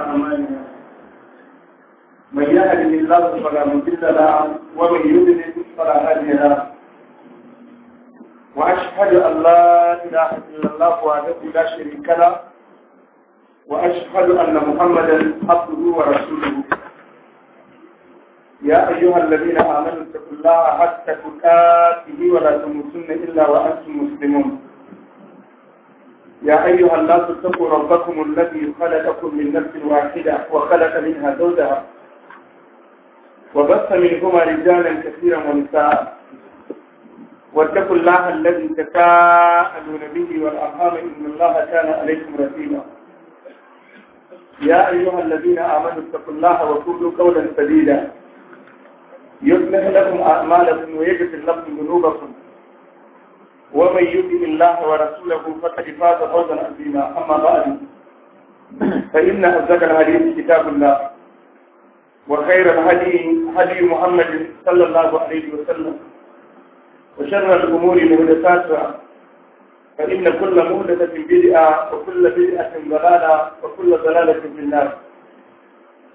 أعمالنا من يهده الله فلا مضل له ومن يضلل فلا هادي له وأشهد أن لا إله إلا الله وحده لا شريك له وأشهد أن محمدا عبده ورسوله يا أيها الذين آمنوا اتقوا الله حتى تكاته ولا تموتن إلا وأنتم مسلمون يا أيها الناس اتقوا ربكم الذي خلقكم من نفس واحدة وخلق منها زوجها وبث منهما رجالا كثيرا ونساء واتقوا الله الذي تساءلون به والأرحام إن الله كان عليكم رحيما يا أيها الذين آمنوا اتقوا الله وقولوا قولا سديدا يصلح لكم أعمالكم ويجزي لكم ذنوبكم ومن يؤمن الله ورسوله فقد فاز فوزا عظيما اما بعد فان اصدق الحديث كتاب الله وخير الهدي هدي محمد صلى الله عليه وسلم وشر الامور محدثاتها فان كل محدثه بدعه وكل بدعه ضلاله وكل ضلاله في النار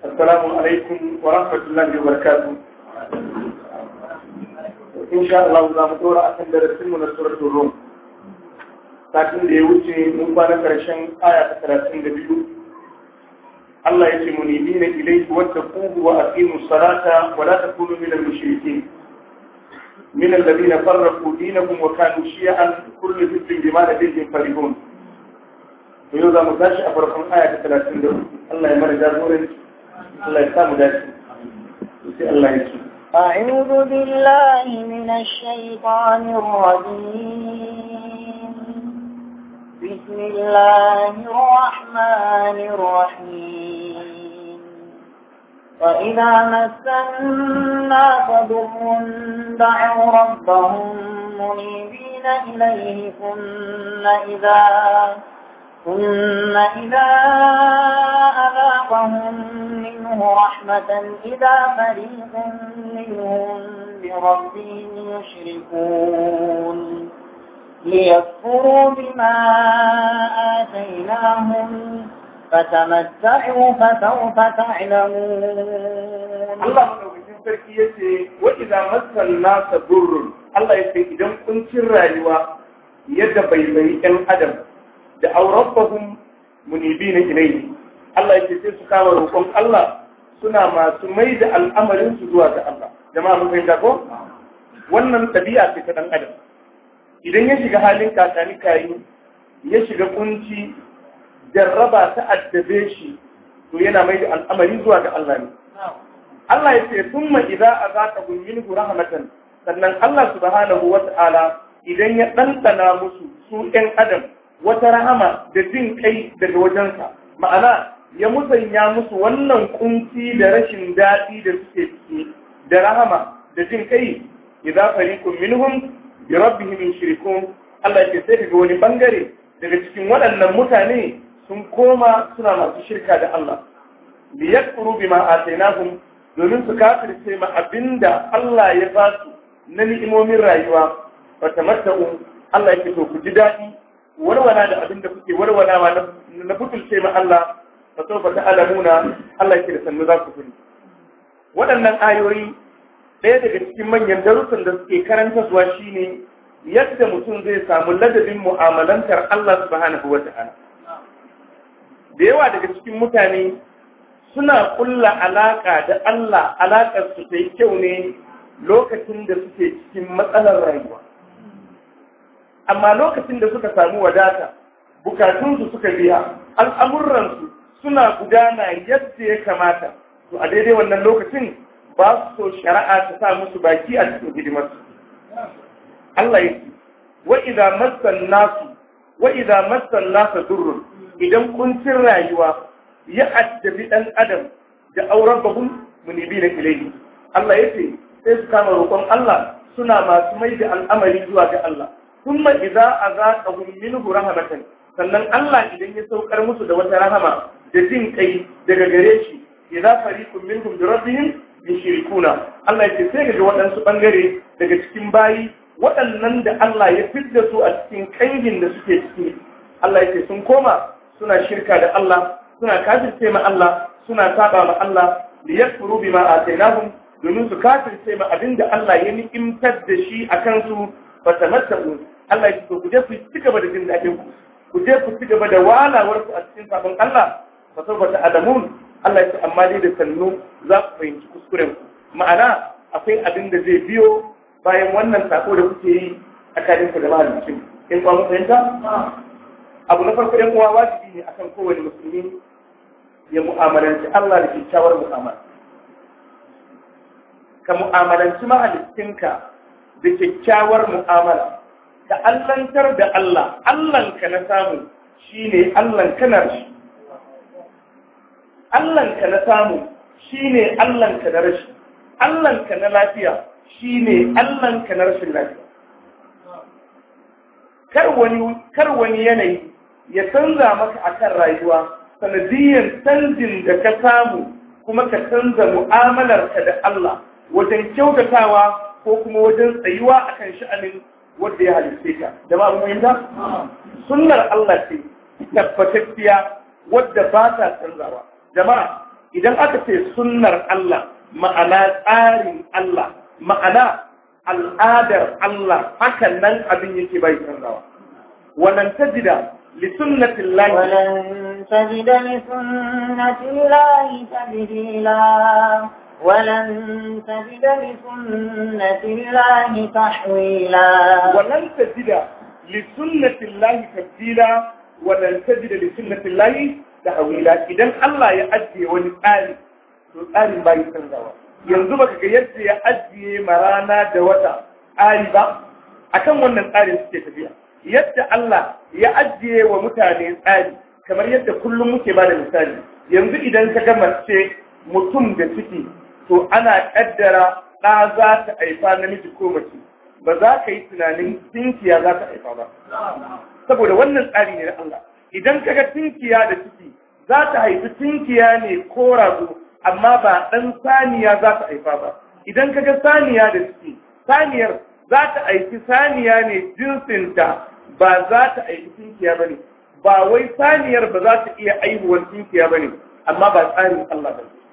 السلام عليكم ورحمه الله وبركاته in sha Allah za mu dora akan darasin mu na surat Rum. Satin da ya wuce mun kwana karshen aya ta talatin da biyu. Allah ya ce mu nemi na ilai wata kubu wa aqimu salata wa la takunu min al-mushrikin. Min alladhina farraqu dinakum wa kanu shi'an kullu fitrin bima la dinin farihun. To yau za mu tashi a farkon aya ta talatin da Allah ya mara jagoranci. Allah ya samu dace. Sai Allah ya أعوذ بالله من الشيطان الرجيم بسم الله الرحمن الرحيم وإذا مس الناس ضر دعوا ربهم منيبين إليه ثم إذا ثم إذا أذاقهم منه رحمة إذا فريق منهم بربهم يشركون ليكفروا بما آتيناهم فتمتعوا فسوف تعلمون الله نبيهم تركية وإذا مس الناس ضر الله يقول إذا كنت الرأيوة يدبي بي أن أدم da aurabbahum munibina ilayhi Allah yake sai su kama roƙon Allah suna masu mai da al'amarin su zuwa ga Allah jama'a mun fahimta ko wannan tabi'a ce ta dan adam idan ya shiga halin kakani kayi ya shiga kunci jarraba ta addabe shi to yana mai da al'amari zuwa ga Allah ne Allah ya ce summa idza azaka hum rahmatan sannan Allah subhanahu wata'ala idan ya dantsana musu su ɗan adam wata rahama da jin kai daga wajensa ma'ana ya musanya musu wannan kunci da rashin daɗi da suke ciki da rahama da jin kai idza fariqun minhum bi rabbihim yushrikun Allah ya sai daga wani bangare daga cikin waɗannan mutane sun koma suna masu shirka da Allah li yakfuru bima atainahum domin su kafirce ma abinda Allah ya ba su na ni'imomin rayuwa fa tamatta'u Allah ya to ku ji daɗi warwala da abin da kuke warwalawa na sai ma Allah fa alamuna ta'lamuna Allah yake da sannu za ku sani waɗannan ayoyi ɗaya daga cikin manyan darussan da suke karanta zuwa shine yadda mutum zai samu ladabin mu'amalantar Allah subhanahu wa ta'ala da yawa daga cikin mutane suna kulla alaka da Allah alakar su ta kyau ne lokacin da suke cikin matsalar rayuwa amma lokacin da suka samu wadata bukatunsu suka biya al'amuransu suna gudana yadda ya kamata to a daidai wannan lokacin ba su so shari'a ta sa musu baki a cikin hidimarsu Allah ya ce wa idza massan nas wa idza massan nas durr idan kuncin rayuwa ya addabi dan adam da auren babun munibina ilayhi Allah ya ce sai su kama roƙon Allah suna masu mai da al'amari zuwa ga Allah kuma za azaqahum minhu rahmatan sannan Allah idan ya saukar musu da wata rahama da jin kai daga gare shi ya za idza fariqun minhum bi rabbihim yushrikuna Allah ce, sai gaji waɗansu ɓangare daga cikin bayi waɗannan da Allah ya fi da su a cikin kangin da suke ciki Allah ce, sun koma suna shirka da Allah suna kafirce ma Allah suna saba ma Allah da li yakfuru bima atainahum domin su kafirce ma da Allah ya ni'imtar da shi akan su fatamattabu Allah ya so ku je ku ci gaba da jin daɗin ku ku je ku ci gaba da walawar ku a cikin sabon Allah fa saboda adamun Allah ya ce amma dai da sannu za ku fahimci kuskuren ku ma'ana akwai abin da zai biyo bayan wannan sako da kuke yi a tsakanin ku da mahalicin in kwa mun fahimta abu na farko ɗan uwa wajibi ne akan kowane musulmi ya mu'amalanci Allah da kyakkyawar mu'amala ka mu'amalanci mahalicinka da kyakkyawar mu'amala Da allantar da Allah allanka na samu shi ne allanka na rashi allanka na samu shi ne allanka na rashi allanka na lafiya shi ne allanka na rashin lafiya kar wani yanayi ya canza maka akan rayuwa sanadiyyar canjin da ka samu kuma ka canza mu'amalarka da Allah wajen kyautatawa ko kuma wajen tsayuwa akan sha'anin wanda ya halitta ka jama'a mun yanda sunnar Allah ce tabbatacciya wadda ba ta canzawa jama'a idan aka ce sunnar Allah ma'ana tsarin Allah ma'ana al'adar Allah hakan nan abin yake bai canzawa wannan tajida li sunnatin lahi wannan tajida li sunnatin ولن تجد لسنة الله تحويلا ولن تجد لسنة الله تبديلا ولن تجد لسنة الله تحويلا إذا الله يأدي ونسأل تسأل ما يسنزوا yanzu baka ga yadda ya ajiye marana da wata ari ba akan wannan tsarin suke tafiya yadda Allah ya ajiye wa mutane tsari kamar yadda kullum muke ba da misali yanzu idan ka ga mutum da ciki to ana kaddara ɗa za ta haifa namiji ko mace ba za ka yi tunanin tinkiya za ta haifa ba saboda wannan tsari ne na Allah idan kaga tinkiya da ciki za ta haifi tinkiya ne ko rago amma ba ɗan saniya za ta haifa ba idan kaga saniya da ciki saniyar za ta aifi saniya ne jinsinta ba za ta aifi tinkiya ba ne ba wai saniyar ba za ta iya aihuwar tinkiya ba ne amma ba tsarin Allah ba ne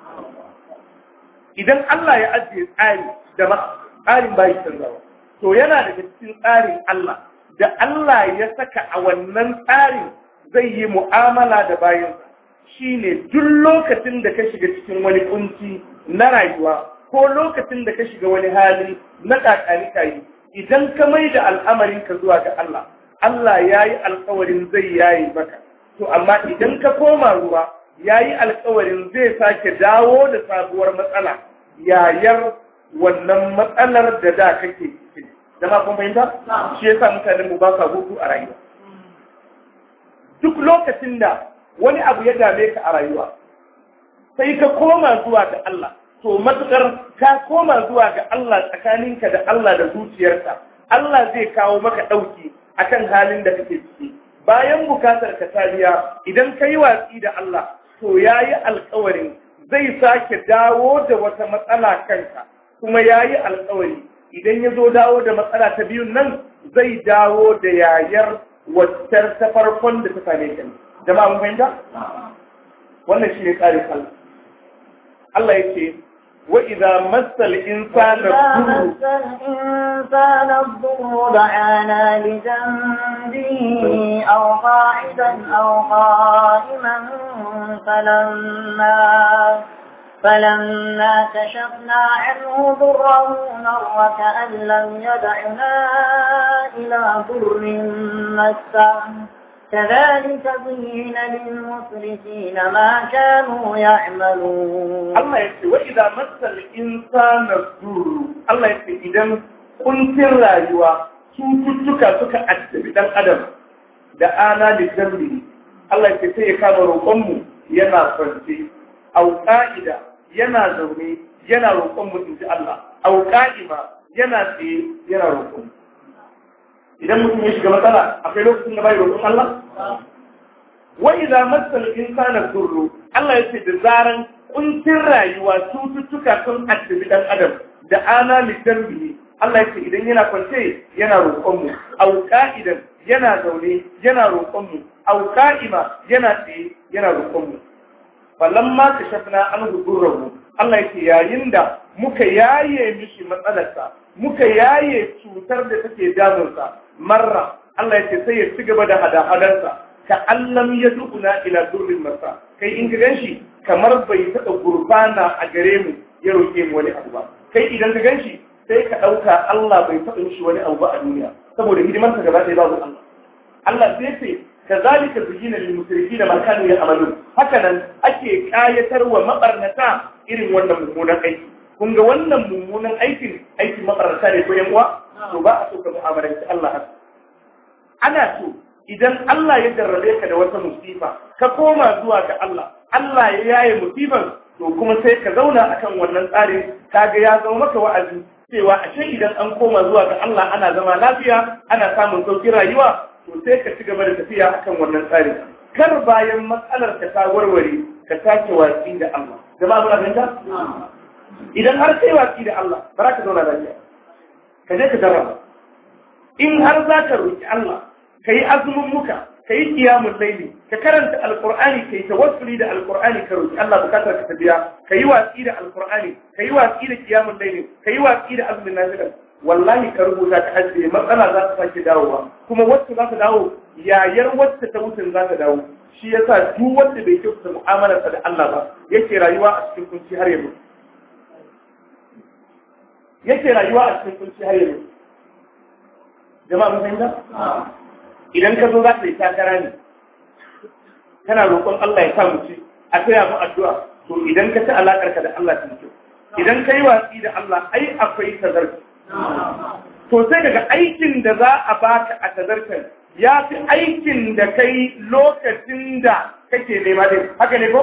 idan Allah ya ajiye tsari da ba tsarin bayi canzawa to yana da cikin tsarin Allah da Allah ya saka a wannan tsarin zai yi mu'amala da bayansa shine duk lokacin da ka shiga cikin wani kunci na rayuwa ko lokacin da ka shiga wani hali na kakani kayi idan ka mai da al'amarin ka zuwa ga Allah Allah ya yi alkawarin zai yaye maka to amma idan ka koma ruwa ya yi alkawarin zai sake dawo da sabuwar matsala yayar wannan matsalar da da kake Da zama yin fahimta shi yasa mutane mu ba sa hutu a rayuwa duk lokacin da wani abu ya dame ka a rayuwa sai ka koma zuwa ga Allah to matukar ka koma zuwa ga Allah tsakaninka da Allah da zuciyarka Allah zai kawo maka ɗauki akan halin da kake ciki bayan bukatar ka idan ka watsi da Allah to ya yi alkawarin zai sake dawo da wata matsala kanka kuma ya yi alkawari idan ya zo dawo da matsala ta biyun nan zai dawo da yayar waccar ta farkon da ta same shi jama'a mun fahimta wannan shi ne tsarin kan Allah ya ce wa idza massal insana dhurru da'ana li aw qa'idan aw qa'iman فلما فلما كشفنا عنه ضره مر كأن لم يدعنا إلى ضر مسه كذلك زين للمسرفين ما كانوا يعملون الله يكفي وإذا مس الإنسان الضر الله يكفي إذا كنت رايوة cututtuka suka addabi dan adam da ana da zambi Allah ya sai ya kama roƙonmu yana kwance au qa'ida yana zaune yana roƙon mutum ji Allah au qa'ima yana tsaye yana roƙon idan mutum ya shiga matsala akwai lokacin da bai roƙon Allah wa idza massal insana durru Allah ya ce da zaran kuncin rayuwa cututtuka sun addabi dan adam da ana lidarbi Allah ya ce idan yana kwance yana roƙon mu au qa'idan yana zaune yana roƙon mu aukaima yana tsaye yana rukun mu falamma an anhu durruhu Allah yake yayin da muka yaye mishi matsalarsa muka yaye cutar da take damunsa marra Allah yake sai ya ci gaba da hada-hadarsa ka allam ya du'una ila durrin masa kai in gan shi kamar bai taɓa gurbana a gare mu ya roƙe mu wani abu ba kai idan ka gan sai ka ɗauka Allah bai taɓa mishi wani abu ba a duniya saboda hidimarsa gaba ɗaya babu Allah Allah sai sai كذلك بجينا للمسرفين ما كانوا يعملون هكذا أكي كايتر ومقرنتا إرم وانا ممونا أي كنت وانا ممونا أي أي مقرنتا لكي يموى سباء سوك الله أنا سوك idan Allah ya jarrabe ka da wata musifa ka koma zuwa ga Allah Allah ya yaye musifan to kuma sai ka zauna akan wannan tsarin kaga ya zama maka wa'azi cewa ashe idan an koma zuwa ga Allah ana zama lafiya ana samun sauki rayuwa to sai ka ci gaba da tafiya akan wannan tsarin. kar bayan matsalar ka ta warware ka tace watsi da Allah jama'a muna fahimta idan har kai watsi da Allah ba za ka zauna lafiya ka je ka jarraba in har za ka roki Allah ka yi azumin muka ka yi kiyamun laili ka karanta alkur'ani ka yi tawassuli da alkur'ani ka roki Allah bukatar ka ta biya ka yi watsi da alkur'ani ka yi watsi da kiyamun laili ka yi watsi da azumin nafila wallahi ka rubuta ta ajiye matsala za ta sake ba. kuma wacce za ta dawo yayar wacce ta mutum za ta dawo shi yasa duk wanda bai kyautata mu'amalarsa da Allah ba yake rayuwa a cikin kunci har yanzu yake rayuwa a cikin kunci har yanzu jama'a mun fahimta idan ka zo za ta yi takara ne kana roƙon Allah ya sa mu ci a taya mu addu'a to idan ka ci alaƙarka da Allah ta kyau idan ka yi watsi da Allah ai akwai tazarci to sai daga aikin da za a baka a tazartar ya fi aikin da kai lokacin da kake nema din haka ne ko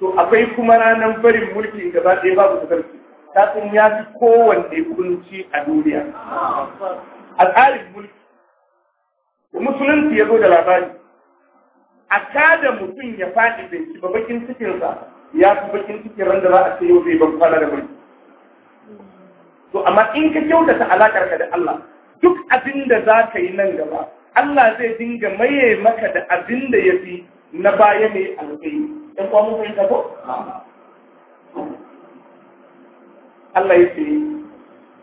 to akwai kuma ranar barin mulkin gaba ɗaya babu tazarci ta sun ya fi kowanne kunci a duniya a tsarin mulki musulunci ya zo da labari a kada mutum ya faɗi bai ci ba bakin cikinsa ya fi bakin cikin ran da za a ce yau zai ban kwana da mulki to amma in ka kyautata alakar ka da Allah duk abin da za ka yi nan gaba Allah zai dinga maye maka da abin da ya fi na baya mai alƙayi ɗan kwa mun fahimta ko Allah ya ce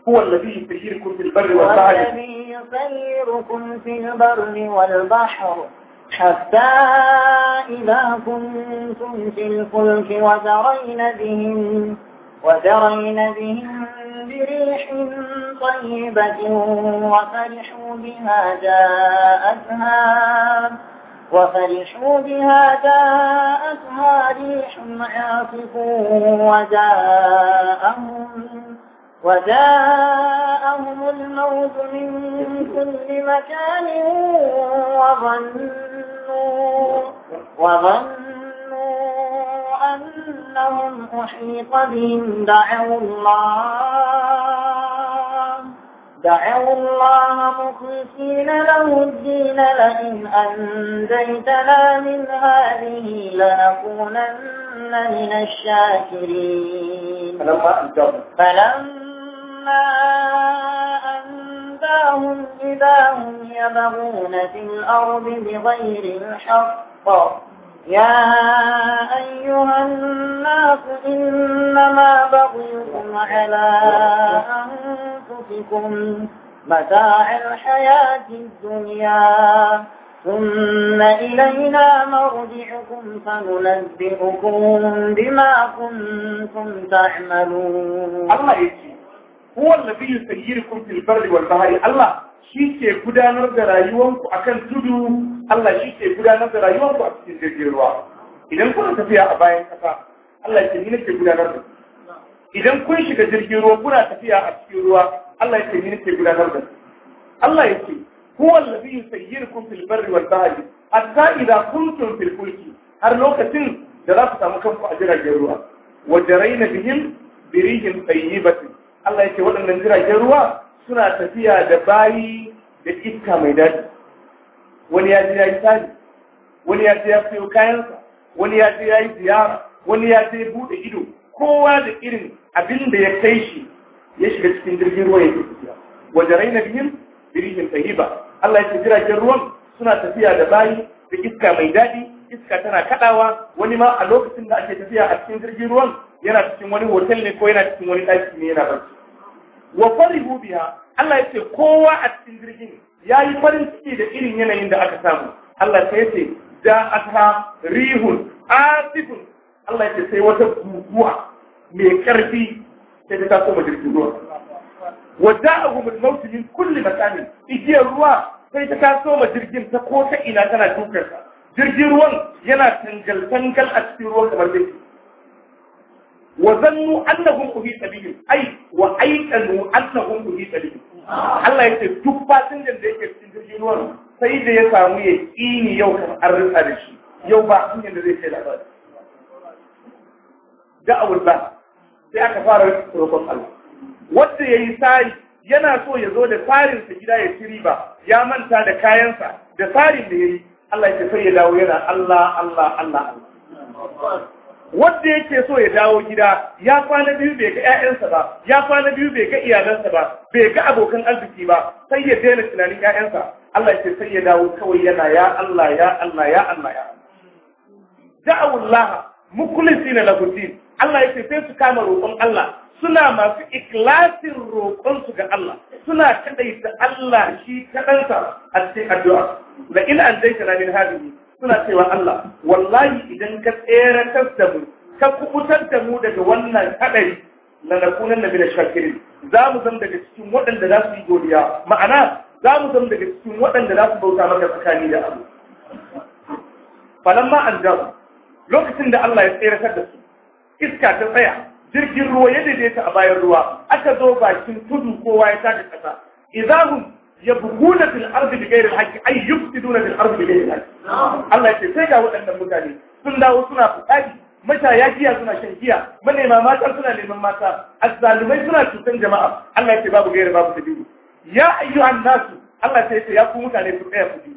هو الذي يسيركم في البر والبحر يسيركم في البر والبحر حتى إذا كنتم في الفلك وترين بهم وترين بهم بريح طيبة وفرحوا بها جاءتها وفرحوا بها جاءتها ريح عاصف وجاءهم وجاءهم الموت من كل مكان وظنوا وظنوا أنهم أحيط بهم دعوا الله دعوا الله مخلصين له الدين لئن أنجيتنا من هذه لنكونن من الشاكرين فلما أنجاهم إذا هم يبغون في الأرض بغير الحق يا أيها الناس إنما بغيكم على أنفسكم متاع الحياة الدنيا ثم إلينا مرجعكم فننبئكم بما كنتم تعملون الله يجي هو الذي يسيركم في البر والبحر الله شيء يقدر نرجع يومكم أكل تدو Allah shi ke gudanar da rayuwar ku a cikin jirgin ruwa idan kuna tafiya a bayan kasa Allah ke ni ke gudanar da idan kun shiga jirgin ruwa kuna tafiya a cikin ruwa Allah ya ce ni nake gudanar da Allah ya ce huwa allazi yusayyirukum fil barri wal bahri hatta idza kuntum fil kulki, har lokacin da za ku samu kanku a jiragen ruwa wa jaraina bihim birihin tayyibatin Allah ya ce waɗannan jiragen ruwa suna tafiya da bayi da iska mai daɗi wani ya je ya yi tsari wani ya je ya siyo kayansa wani ya je ya yi ziyara wani ya je buɗe ido kowa da irin abin da ya kai shi ya shiga cikin jirgin ruwa ya ke tafiya wajen raina biyun birihin tahiba Allah ya ce jiragen ruwan suna tafiya da bayi da iska mai daɗi iska tana kaɗawa wani ma a lokacin da ake tafiya a cikin jirgin ruwan yana cikin wani hotel ne ko yana cikin wani ɗaki ne yana barci wa farihu hubiya Allah ya ce kowa a cikin jirgin ya yi farin ciki da irin yanayin da aka samu Allah Ta sai ce ja'ata rihun asifun Allah ya ce sai wata guguwa mai karfi sai ta taso jirgin ruwa wa ja'ahum al-maut min kulli makanin igiyar ruwa sai ta taso ma jirgin ta ko ta ina tana dukar jirgin ruwan yana tangal tangal a cikin ruwan kamar dai wa zannu annahum uhita bihim ai wa aitanu annahum uhita bihim Allah ya ce duk fasinjan da yake cikin jirgin ruwan sai da ya samu ya ƙini yau kan an rinsa da shi yau ba hanyar da zai kai labari da'awar ba sai aka fara rikon Allah wanda ya yi tsari yana so ya zo da tsarinsa gida ya ci riba ya manta da kayansa da tsarin da ya yi Allah ya ce sai ya dawo yana Allah Allah Allah Allah wanda yake so ya dawo gida ya kwana biyu bai ga 'ya'yansa ba ya kwana biyu bai ga iyalansa ba bai ga abokan arziki ba sai ya daina tunanin 'ya'yansa Allah ya sai ya dawo kawai yana ya Allah ya Allah ya Allah ya da'awullaha mukhlisina lahu Allah ya sai su kama roƙon Allah suna masu ikilasin roƙonsu ga Allah suna kadaita Allah shi kadansa a cikin addu'a la in an daita min hadhihi suna cewa Allah wallahi idan ka tsere da mu ka kubutar da mu daga wannan hadari la nakunan nabila shakirin za mu zama daga cikin waɗanda za su yi godiya ma'ana za mu zama daga cikin waɗanda za su bauta maka tsakani da abu falamma an lokacin da Allah ya tseratar da su iska ta tsaya jirgin ruwa ya daidaita a bayan ruwa aka zo bakin tudu kowa ya taka kasa idahum yabghuna fil ardi bighairi al-haqqi ay yufsiduna fil ardi bighairi al-haqqi Allah ya ce sai ga waɗannan mutane sun dawo suna fadi ya giya suna shan giya manema mata suna neman mata azzalumai suna cutan jama'a Allah ya ce babu gairi babu dalili ya ayyuhan nasu Allah sai ce ya ku mutane ku tsaya ku ji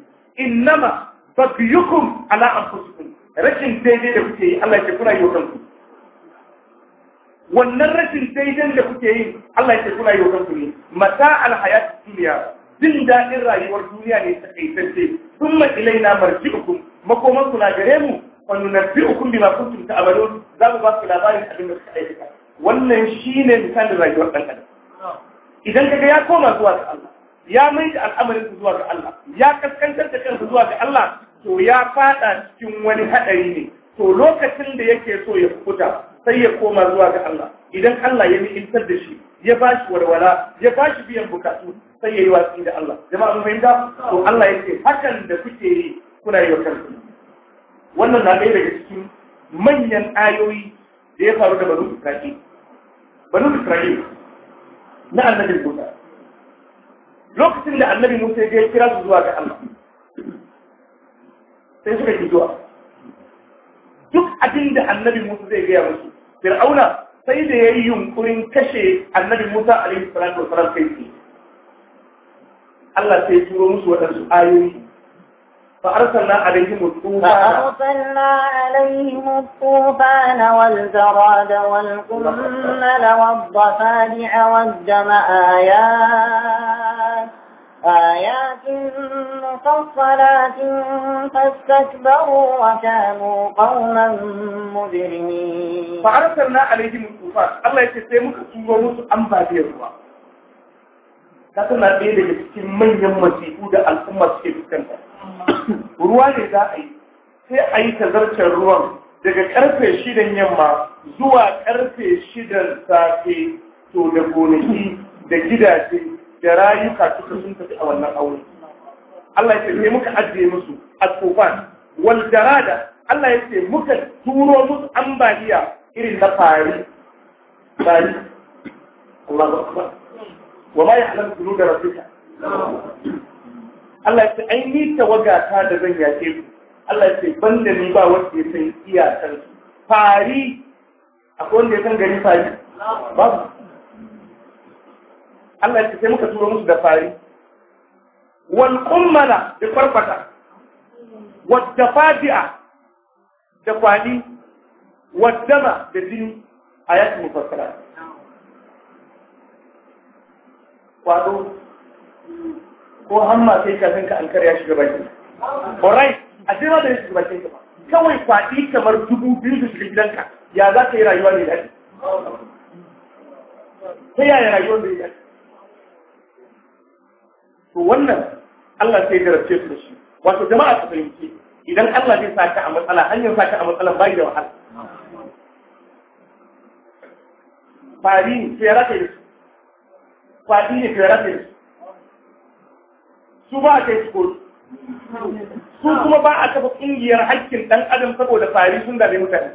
innama bakyukum ala anfusikum rashin daidai da kuke yi Allah ya ce kuna yi wa kanku wannan rashin daidai da kuke yi Allah ya ce kuna yi wa kanku ne mata alhayat duniya jin daɗin rayuwar duniya ne ta kaitance sun makilai na marji hukum makoman ku na gare mu wani na fi hukum bi makuntun ta amalo za mu ba su labarin abin da suka aikata wannan shi ne misalin rayuwar ɗan adam idan kaga ya koma zuwa ga Allah ya mai da al'amarin zuwa ga Allah ya kaskantar da kansa zuwa ga Allah to ya fada cikin wani haɗari ne to lokacin da yake so ya fita sai ya koma zuwa ga Allah idan Allah ya ni'imtar da shi ya shi walwala ya shi biyan bukatu sai ya yi watsi da Allah jama'a mun fahimta to Allah ya ce hakan da kuke yi kuna yi wa kanku wannan na ɗaya daga cikin manyan ayoyi da ya faru da banu Isra'il banu Isra'il na annabi Musa lokacin da annabi Musa ya kira su zuwa ga Allah sai suka ki zuwa duk abin da annabi Musa zai gaya musu Fir'auna sai da ya yi yunkurin kashe annabi Musa alaihi salatu wa salam kai tsaye Allah sai turo musu waɗansu ayoyi فأرسلنا عليهم الطوفان فأرسلنا عليهم الطوفان والجراد والقمل والضفادع والدم آيات آيات مفصلات فاستكبروا وكانوا قوما مجرمين فأرسلنا عليهم الطوفان الله يتسيمك سورة أنبادية الروا kasan na ɗaya daga cikin manyan masifu da al'umma suke fuskanta ruwa ne za yi sai a yi ruwan daga karfe shidan yamma zuwa karfe shidan safe to da gonaki da gidaje da rayuka suka sun tafi a wannan aure Allah ya ce ne muka ajiye musu a tsofan. wal jarada Allah ya ce muka turo musu ambaliya irin na fari fari ba akbar wa ma ya'lamu da rabbika Allah ya ce ai ni tawaga ta da zan yake ku Allah ya ce banda ni ba wanda ya san iyakar fari akwai wanda ya san gari fari babu Allah ya sai muka turo musu da fari wal kummala da farfata wadda fadi'a da kwali wadda da jini a yakin mufassara kwado ko hamma sai ka san ka an karya shi gaban alright a sai ma da shi gaban ka kawai kwadi kamar dubu biyu da shiga gidanka ya za ka yi rayuwa ne da ta yaya rayuwar da ya dace to wannan Allah sai garabce su da shi wato jama'a ta fahimci idan Allah zai saka a matsala hanyar saka a matsala bai da wahala fari ne sai rafe da su fari ne sai rafe da su su ba a kai su kotu su kuma ba a kafa kungiyar haƙƙin ɗan adam saboda fari sun da mutane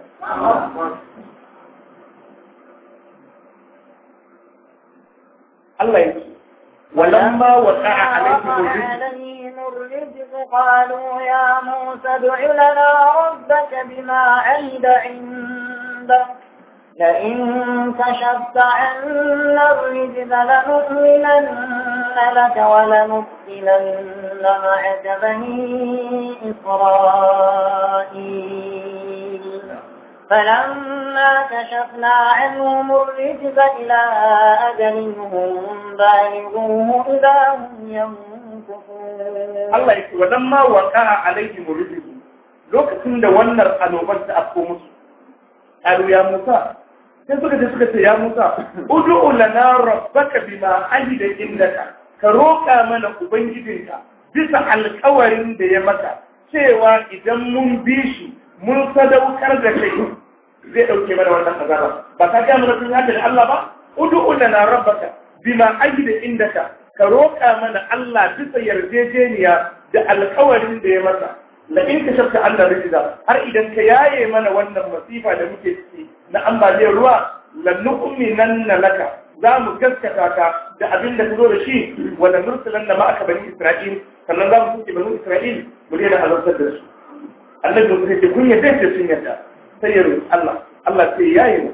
Allah ya ولما وقع عليهم الرجز قالوا يا موسى ادع لنا ربك بما عند عندك لئن كشفت عنا الرجز لنؤمنن لك ولنرسلن معك بني إسرائيل فلما كشفنا عنهم الرجز إلى أجل هم بالغوه إذا هم ينكفون ma wa ƙara وقع عليهم الرجل lokacin da wannan annoban ta afko musu qalu ya musa sai suka ce suka ce ya musa ud'u lana rabbaka hali da indaka ka roƙa mana ubangijinka bisa alƙawarin da ya maka cewa idan mun bi shi mun sadaukar da kai zai ɗauke mana wannan azaba ba ka gaya mana sun hada da Allah ba ud'u lana rabbaka bima ajida inda ka ka roƙa mana Allah bisa yarjejeniya da alƙawarin da ya masa la in ka shafta Allah rijida har idan ka yaye mana wannan masifa da muke ciki na ambaliyar ruwa la nu'minanna laka za mu gaskata ka da abin da ka zo da shi wa la nursilanna ma'aka bani Isra'il sannan za mu tuke bani Isra'il mu daina halartar da su annabi mutum ce kun yadda da sun yadda sai ya Allah Allah sai yaye mu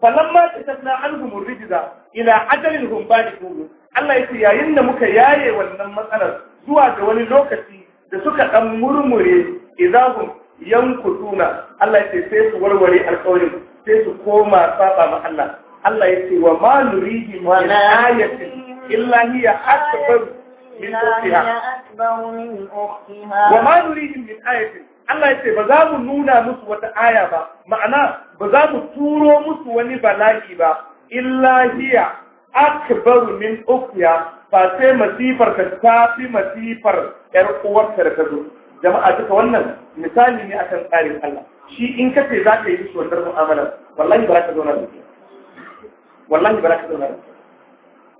falamma kasafna anhum rijza ila ajalin hum balikun Allah yace yayin da muka yaye wannan matsalar zuwa ga wani lokaci da suka dan murmure idahum yankutuna Allah yace sai su warware alƙawarin sai su koma saba ma Allah Allah yace wa ma nurihim min ayatin illa hiya akbar min ukhtiha wa ma nurihim min ayatin Allah ya ce ba za mu nuna musu wata aya ba ma'ana ba za mu turo musu wani bala'i ba illa hiya akbaru min ukhya fa sai masifar ka ta fi masifar yar uwarta da ta zo jama'a duka wannan misali ne akan tsarin Allah shi in ka ce za ka yi musu wannan mu'amala wallahi ba za ka zauna da wallahi ba za ka zauna da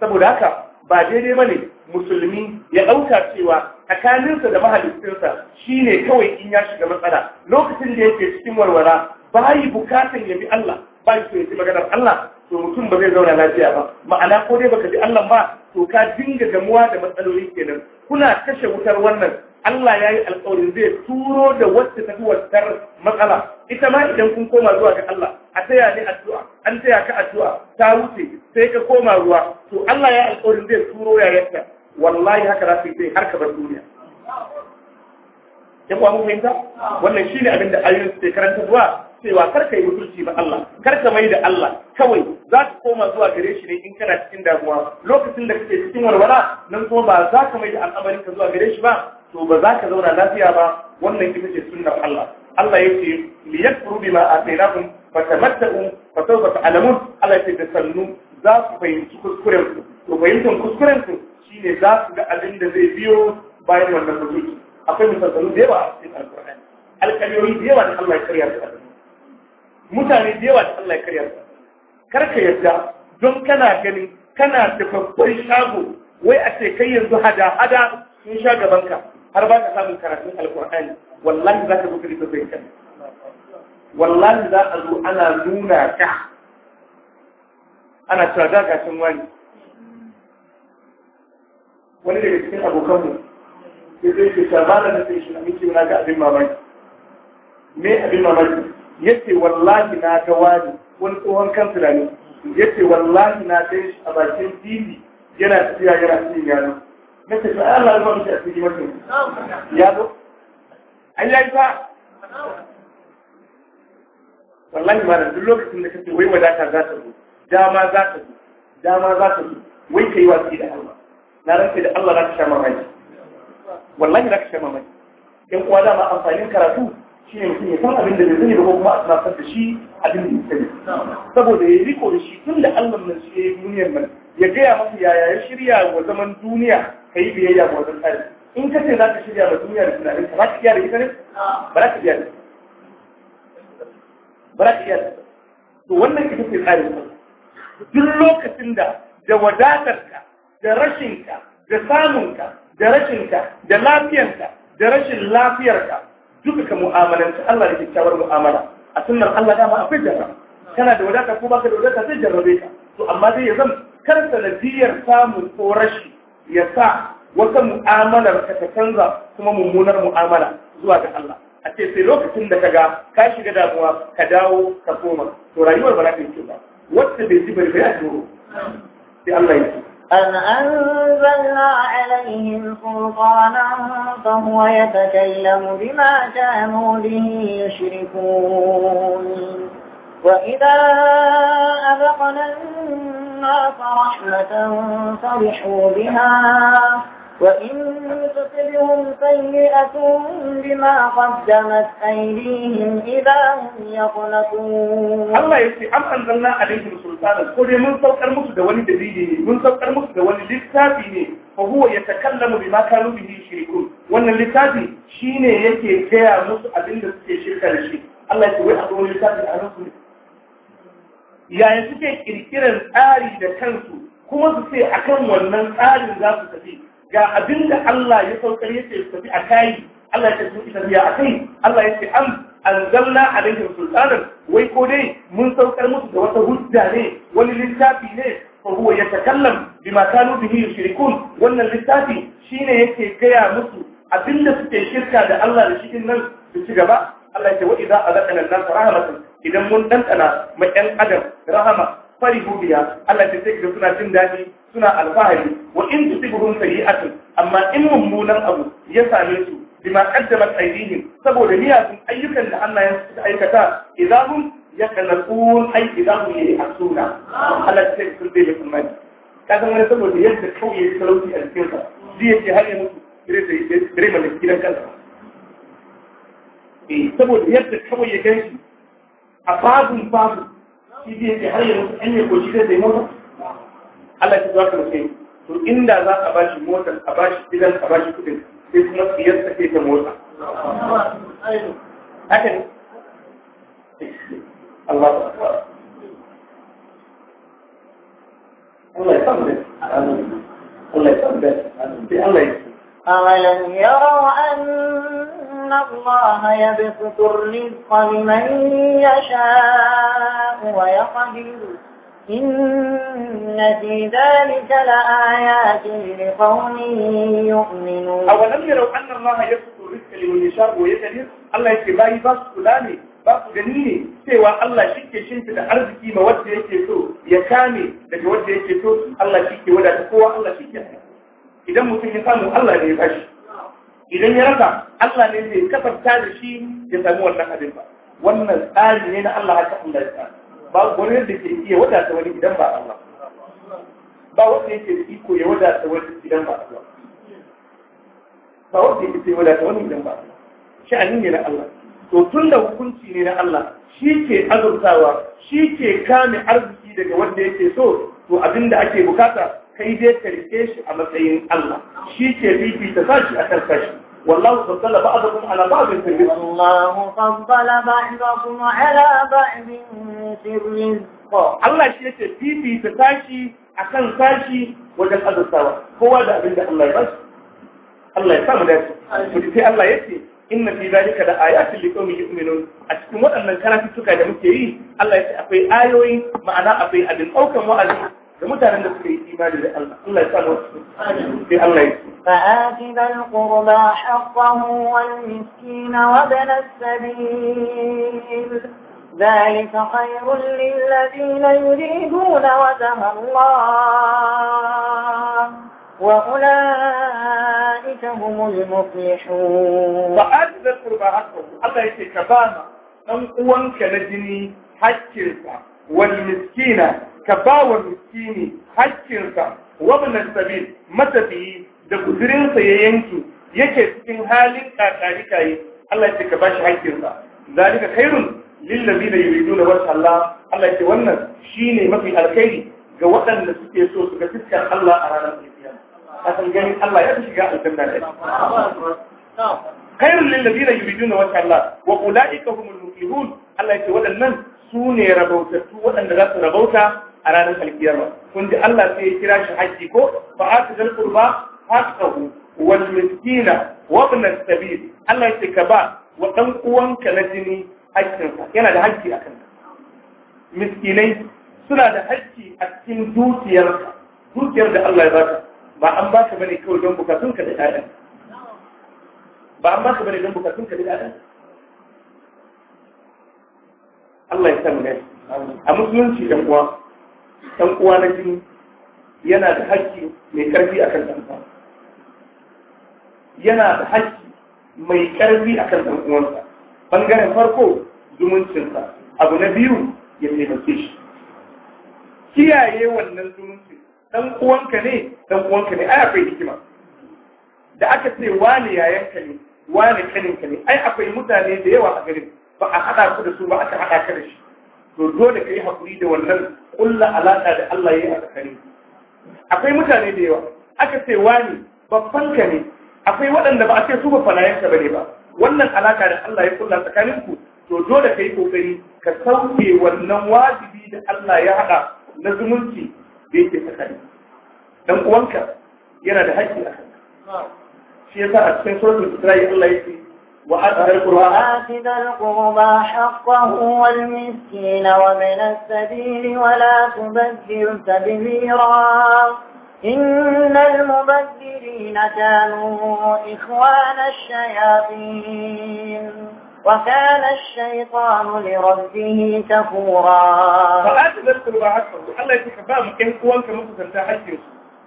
saboda haka ba daidai bane musulmi ya ɗauka cewa tsakaninsa da mahalicinsa shi ne kawai in ya shiga matsala lokacin da yake cikin warwara ba yi bukatan ya bi Allah ba yi so ya ji maganar Allah to mutum ba zai zauna lafiya ba ma'ana ko dai baka bi Allah ba to ka dinga gamuwa da matsaloli kenan kuna kashe wutar wannan Allah ya yi alƙawarin zai turo da wacce ta fi matsala ita ma idan kun koma zuwa ga Allah a taya ne addu'a an taya ka addu'a ta wuce sai ka koma ruwa to Allah ya yi alƙawarin zai turo yayarta wallahi haka za su yi har ka bar duniya ya kuwa mun fahimta wannan shine abin da ayoyin ke karanta zuwa cewa kar ka yi mutunci ba Allah kar ka mai da Allah kawai za ka koma zuwa gare shi ne in kana cikin damuwa lokacin da kake cikin walwala nan kuma ba za ka mai da al'amarin ka zuwa gare shi ba to ba za ka zauna lafiya ba wannan ita ce sunnar Allah Allah ya ce liyakfuru bima atainakum fatamatta'u fa sawfa ta'lamun Allah ya ce da sannu za ku fahimci kuskuren ku to fahimtar kuskuren ku ne za su ga abin da zai biyo bayan wannan buzuki akwai misalsalu da yawa a cikin alkur'ani alkaliyoyi da yawa da Allah ya karya su mutane da yawa da Allah ya karya su karka yarda don kana gani kana da babban shago wai a ce kai yanzu hada hada sun sha gabanka har ba ka samun karatun alkur'ani wallahi za ka zo ka zai kan wallahi za a zo ana nuna ka ana cewa da gashin wani wani daga cikin abokanmu sai zai ke sabana na sai shi na miki na ga abin mamaki me abin mamaki Ya ce wallahi na ga wani wani tsohon kansila ne ce wallahi na ga shi a bakin titi yana tafiya yana cikin gano na tafi ai Allah ya mutu a cikin mutum ya zo an yi fa wallahi ma duk lokacin da kace wai wadata za ta zo dama za ta zo dama za ta zo wai yi wasi da Allah na rantsa da Allah zaka sha mamaki wallahi ka sha mamaki in kuwa dama amfanin karatu shi ne mutum ya san abin da bai sani ba ko kuma a suna tunasar da shi abin da ya sani saboda ya riko da shi tun da Allah nan shi ya yi duniyar nan ya gaya masa yaya ya shirya wa zaman duniya ka yi biyayya ga wajen tsari in ka ce za ka shirya wa duniya da tunanin ka za ka iya da ita ne ba za ka iya da ba za ka iya da to wannan ita ce tsarin duk lokacin da da wadatarka da rashinka da samunka da rashinka da lafiyanka da rashin lafiyarka duka ka mu'amalanci Allah da kyakkyawar mu'amala a sunnar Allah dama akwai jarra. kana da wadata ko baka da wadata zai jarrabe ka to amma zai ya zan kar sanadiyar samu ko rashi ya sa wata mu'amalar ka ta canza kuma mummunar mu'amala zuwa ga Allah a ce sai lokacin da ka ga ka shiga damuwa ka dawo ka koma to rayuwar ba za ta yi ba wacce bai ji bai bai a doro sai Allah ya ce أم أنزلنا عليهم سلطانا فهو يتكلم بما كانوا به يشركون وإذا أذقنا الناس رحمة فرحوا بها وإن تصبهم سيئة بما قدمت أيديهم إذا هم يقنطون الله يسي أم أنزلنا عليهم سلطانا كل من سوكر مسد ولدليله من سوكر مسد ولدلتابه فهو يتكلم بما كانوا به يشركون وأن اللتابه شيني يكي جاء مسد أبن لسكي شركة لشيء الله يسي ويأخذون اللتابه أنا yaya suke kirkirar tsari da kansu kuma su ce akan wannan tsarin za su tafi ga abin da Allah ya saukar ya ce tafi a kai Allah ya tafi ita biya a kai Allah ya ce am anzalna alaihim sultanan wai ko dai mun saukar musu da wata hujja ne wani littafi ne fa huwa yatakallam bima kanu bihi yushrikun wannan littafi shine yake gaya musu abinda suke shirka da Allah da shi nan su ci gaba Allah ya ce wa idza azaqna an-nasa rahmatan idan mun dantana ma 'yan adam rahama fari biya Allah ta sai suna jin daɗi suna alfahari wa in tusibuhum sayyi'atun amma in mummunan abu ya same su bima qaddamat aydihim saboda miyasun ayyukan da Allah ya suka aikata idan hum yaqnaqun ay idan hum yahsuna Allah ta sai sun dai musulmani kaga wani saboda yadda kauye talauci a cikin sa zai yace har ya mutu dire sai dire mai gidan kansa eh saboda yadda kawai ya gani a babun babu shi zai yake har yanzu an ne ko shi zai sai mota Allah shi zuwa ne. sai to inda za a bashi motar a bashi gidan a bashi kudin sai kuma siyar ta sai ta mota haka ne Allah Allah ya samu da Allah ya samu da Allah ya samu da Allah ya samu da إن الله يبسط الرزق لمن يشاء ويقدر إن في ذلك لآيات لقوم يؤمنون أولم يروا أن الله يبسط الرزق لمن يشاء ويقدر الله يتبعي بس فلاني ba su gani ne cewa Allah shi ke shimfi da arziki ma wadda yake so ya kame daga wadda so Allah shi ke kowa Allah shi ke idan mutum ya samu Allah ne ya bashi idan ya rasa Allah ne zai kafarta da shi ya sami wannan abin ba wannan tsari ne na Allah haka Allah ya tsara ba gwani yadda ke iya wadata wani idan ba Allah ba wanda yake da iko ya wadata wani idan ba Allah ba wanda yake ya wadata wani idan ba Allah sha'ani ne na Allah to tun da hukunci ne na Allah shi ke azurtawa shi ke kame arziki daga wanda yake so to abin da ake bukata kai dai ka shi a matsayin Allah shi ke fifita sashi a karkashi والله فضل بعضكم على بعض في الرزق والله فضل بعضكم على بعض في الرزق الله شيء تبيبي تساشي أكن ساشي وجل أدى سوا هو ده أبدا الله يبس الله يسام ده ودي الله يسي إن في ذلك لآيات لقوم يؤمنون أتكم وأن كانت تكاد مكيري الله يسي أقوي آيوي معنا أقوي أدن أو كم وأدن da mutanen da suka yi imani ذا القربى حقه والمسكين وابن السبيل ذلك خير للذين يريدون وجه الله وأولئك هم المفلحون فآت ذا القربى حقه الله يتكبانا نمقوانك لجني حكرك والمسكينة ka ba wa miskini hakkinsa wa sabil matafiyi da guzurinsa ya yanki yake cikin halin kakari kayi Allah ya ce ka bashi hakkinsa zalika khairun lil ladina yuriduna wata Allah Allah ya ce wannan shine mafi alkhairi ga waɗanda suke so su ga fiskar Allah a ranar kiyama asan gani Allah ya shiga aljanna ne khairun lil ladina yuriduna wata Allah wa ulaika humul muflihun Allah ya ce waɗannan su ne rabautattu waɗanda za su rabauta a ranar alkiyama kun ji Allah sai ya kira shi haji ko fa atizal qurba haqqahu wal miskina wa ibn sabil Allah ya ce ka ba wa dan uwanka na jini haƙƙinsa yana da haƙƙi a kanka miskinai suna da haƙƙi a cikin dukiyarka dukiyar da Allah ya baka ba an baka bane kawai don bukatun ka da ƴaƴan ba an baka bane don bukatun ka da ƴaƴan Allah ya san ne a musulunci ɗan uwa ɗan uwa na jini yana da haƙƙi mai ƙarfi akan ɗan uwa yana da haƙƙi mai ƙarfi akan ɗan uwansa ɓangaren farko zumuncinsa abu na biyu ya taimake shi kiyaye wannan zumuncin ɗan uwanka ne ɗan uwanka ne ai akwai hikima da aka ce wani yayanka ne wani kaninka ne ai akwai mutane da yawa a garin ba a haɗa ku da su ba aka haɗa ka da shi to dole ka yi haƙuri da wannan ƙulla alaƙa da Allah ya yi a tsakani akwai mutane da yawa aka ce wani babban ka ne akwai waɗanda ba a ce su ba yanka ba ne ba wannan alaƙa da Allah ya ƙulla tsakanin ku to dole ka yi ƙoƙari ka sauke wannan wajibi da Allah ya haɗa na zumunci da yake tsakani dan uwanka yana da haƙƙi a kanka shi yasa a cikin suratul Isra'i Allah ya ce وآت ذا القربى حقه والمسكين ومن السبيل ولا تبذر تبذيرا إن المبذرين كانوا إخوان الشياطين وكان الشيطان لربه كفورا فآت ذا القربى حقه الله يتحبها مكان قوانك مصدر تحجيوه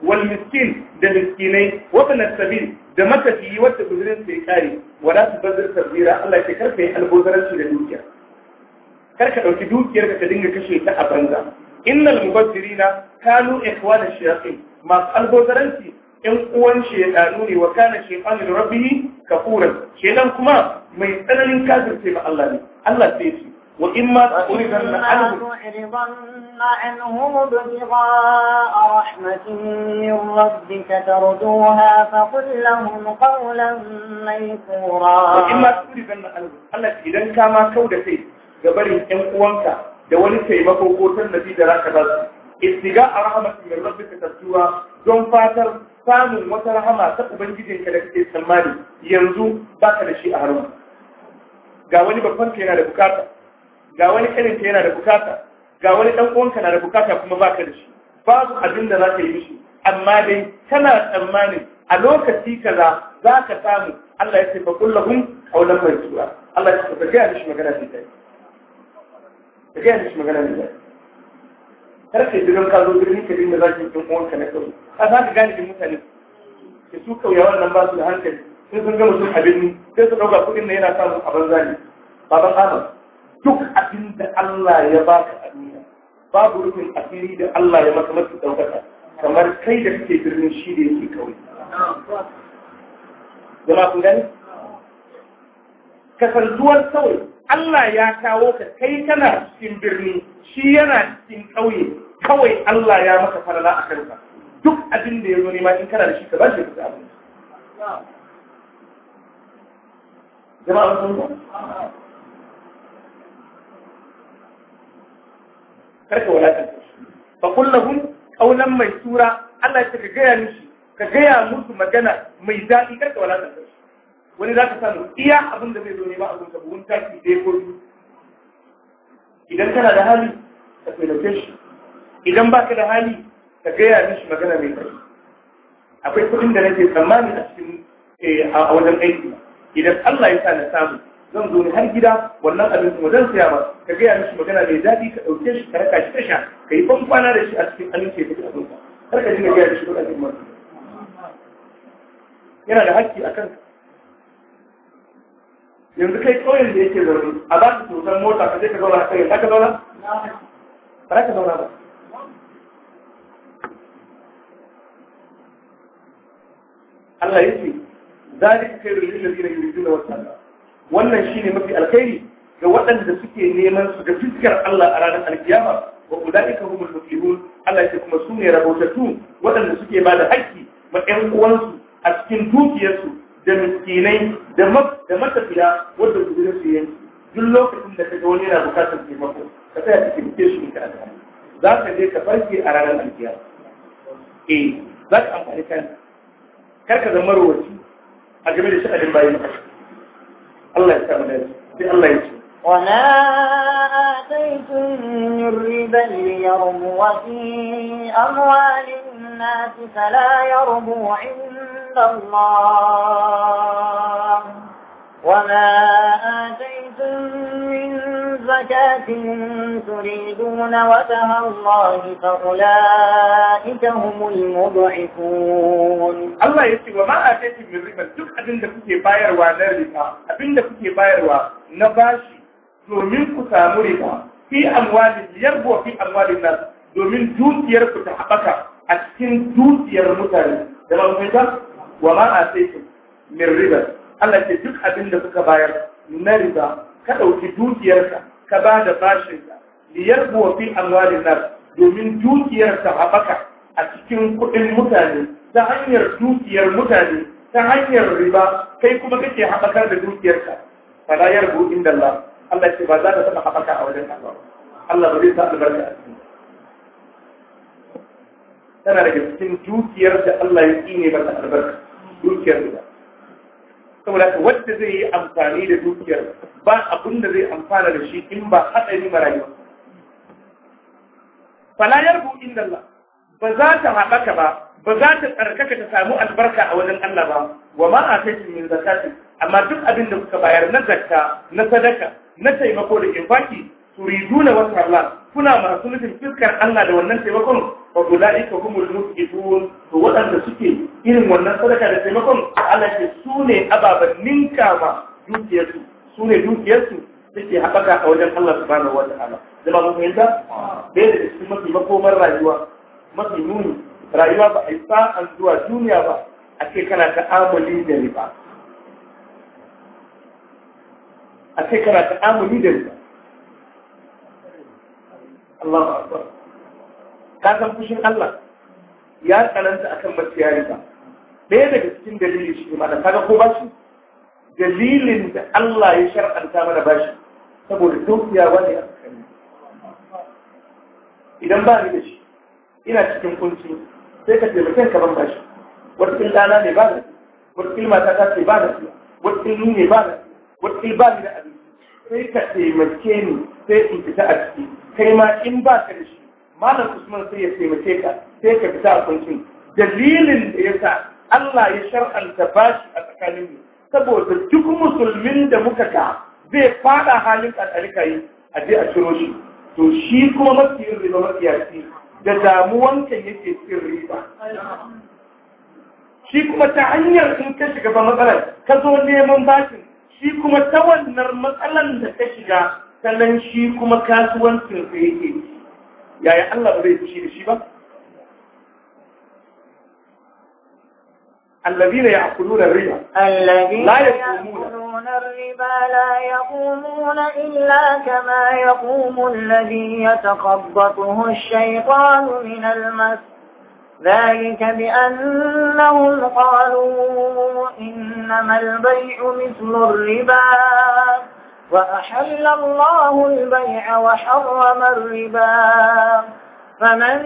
wal da miskinai wabin sabil da matafiyi wadda guzurin sai kare wala su bazir tabzira Allah ke karka yi albozaranci da dukiya karka ɗauki dukiyar ka dinga kashe ta a banza innal mubazzirina kanu ikhwana shayatin masu albozaranci in uwan shaytanu ne wa kana shaytanu rabbihi kafuran shaytan kuma mai tsananin kafirce ma Allah ne Allah sai shi وإما تعرضن عنهم عنهم ابتغاء رحمة من ربك ترجوها فقل لهم قولا ميسورا وإما تعرضن عنهم الله إذا كما كودتين gabarin ‘yan uwanka da wani taimako ko tallafi da raka ba su, istiga a rahamatin mai rabbika don fatar samun wata rahama ta Ubangijinka da kake tsammani yanzu ba ka da shi a harin. Ga wani babban yana da bukata, ga wani kaninka yana da bukata ga wani dan uwanka na da bukata kuma ba ka da shi su abin da za ka yi mishi amma dai kana tsammanin a lokaci kaza za ka samu Allah ya ce fa kullahum qawlan maysura Allah ya ce ka ga mishi magana ne dai ka ga mishi magana ne dai kar ka jiran ka zo birni ka dinga zaki dan uwanka na kawai a za ka gane din mutane ke su kauyawan nan ba su da hankali sai sun ga mutum abin sai su dauka kudin ne yana samun abin banza baban Ahmad duk abinda Allah ya baka a duniya babu rufin asiri da Allah ya maka mafi ɗaukaka kamar kai da kake birnin shi da yake kawai zama kun gani kasantuwar kawai Allah ya kawo ka kai kana cikin birni shi yana cikin ƙauye kawai Allah ya maka farala a kanka duk abin da ya zo nema in kana da shi ka ba da abin jama'a sun kar ka wulakanta fa kullahum qawlan mai tura Allah ya ka gaya musu ka gaya musu magana mai daɗi kar ka wulakanta wani za ka samu iya abin da zai zo nema abin da buhun tafi da ya koyi idan kana da hali ka taimake shi idan baka da hali ka gaya mishi magana mai ƙarfi akwai kudin da nake tsammani a cikin eh, a wajen aiki idan Allah ya sa na samu zan zo ne har gida wannan abin kuma zan saya ba ka gaya mishi magana mai daɗi ka ɗauke shi ka raka shi tasha ka yi ban kwana da shi a cikin aminci ya tafi abinka har ka dinga gaya mishi kuɗaɗen mara yana da haƙƙi a kanka yanzu kai ƙauyen da yake zaune a ba ka kyautar mota ka je ka zauna kai za ka zauna ba za ka zauna ba Allah ya ce ذلك خير للذين يريدون وسعنا wannan shi ne mafi alkhairi ga waɗanda suke neman su ga fiskar Allah a ranar alkiyama wa ulaika humul muflihun Allah ya kuma su ne rahotattu waɗanda suke ba da haƙƙi ma ƴan uwansu a cikin dukiyarsu da miskinai da matafiya wadda su su yanki duk lokacin da kaga wani yana bukatar taimako ka tsaya ka taimake shi in ka za ka je ka farke a ranar alkiyama eh za ka amfani kan Karka ka zama rawaci a game da sha'anin bayan ƙasa وما آتيتم من ربا ليربو في أموال الناس فلا يربو عند الله وما آتيتم من زكاة تريدون وجه الله فأولئك هم المضعفون الله يسي وما آتيتم من ربا تك أبن دكتي باير ونربا أبن دكتي باير ونباشي domin ku samu riba fi amwalin yarbo fi amwalin nasu domin dukiyar ku ta haɓaka a cikin dukiyar mutane da ba mu wa ma a sai min riba Allah ke duk abin da kuka bayar na riba ka ɗauki dukiyarka ka ba da bashinka liyar buwa fi amwalin nas domin dukiyar ta haɓaka a cikin kuɗin mutane ta hanyar dukiyar mutane ta hanyar riba kai kuma kake haɓakar da dukiyarka fala yarbu inda Allah Allah ce ba za ta taɓa haɓaka a wajen Allah Allah ba zai sa albarka a cikin tana daga cikin dukiyar da Allah ya ba mata albarka dukiyar da saboda ka wanda zai yi amfani da dukiyar ba abin da zai amfana da shi in ba haɗari ma rayuwa fala bu inda Allah ba za ta haɓaka ba ba za ta tsarkaka ta samu albarka a wajen Allah ba wa ma a kai min zakatin amma duk abin da kuka bayar na zakka na sadaka na taimako da infaki turiduna wasu Allah kuna masu nufin fiskar Allah da wannan taimakon kuma da nufi muflihun to waɗanda suke irin wannan sadaka da taimakon Allah ke su ne ninka ma dukiyarsu su ne dukiyarsu suke haɓaka a wajen Allah bane wa ta'ala zama mu fahimta bai da cikin mafi makomar rayuwa mafi nuni rayuwa ba a yi sa'an zuwa duniya ba a ce kana amali da riba a kai kana ta amuni da riba Allahu akbar ka san fushin Allah ya tsananta akan maciya ba. ɗaya daga cikin dalilin shi ma da kaga ko bashi dalilin da Allah ya shar'anta mana bashi saboda dukiya ne a tsakani idan ba ni da shi ina cikin kunci sai ka taimake ka ban bashi wata ɗana ne ba da wata mata ta ce ba da wata ni ne ba da wata ba ni da sai ka taimake ni sai in fita a ciki kai ma in ba ka da shi malam usman sai ya taimake ka sai ka fita a kuncin dalilin da ya sa Allah ya shar'anta bashi a tsakanin mu saboda duk musulmin da muka ka zai fada halin kakarika yi a je a ciro shi to shi kuma mafi riba yaki da damuwanka yake cin riba shi kuma ta hanyar in ka shiga ba matsalar ka zo neman bashin shi kuma ta wannan matsalan da ta shiga sannan shi kuma kasuwancin sa yake yaya Allah ba zai fushi da shi ba الذين يأكلون الربا الذين لا يأكلون الربا لا يقومون إلا كما يقوم الذي يتخبطه الشيطان من المس ذلك بأنهم قالوا إنما البيع مثل الربا وأحل الله البيع وحرم الربا فمن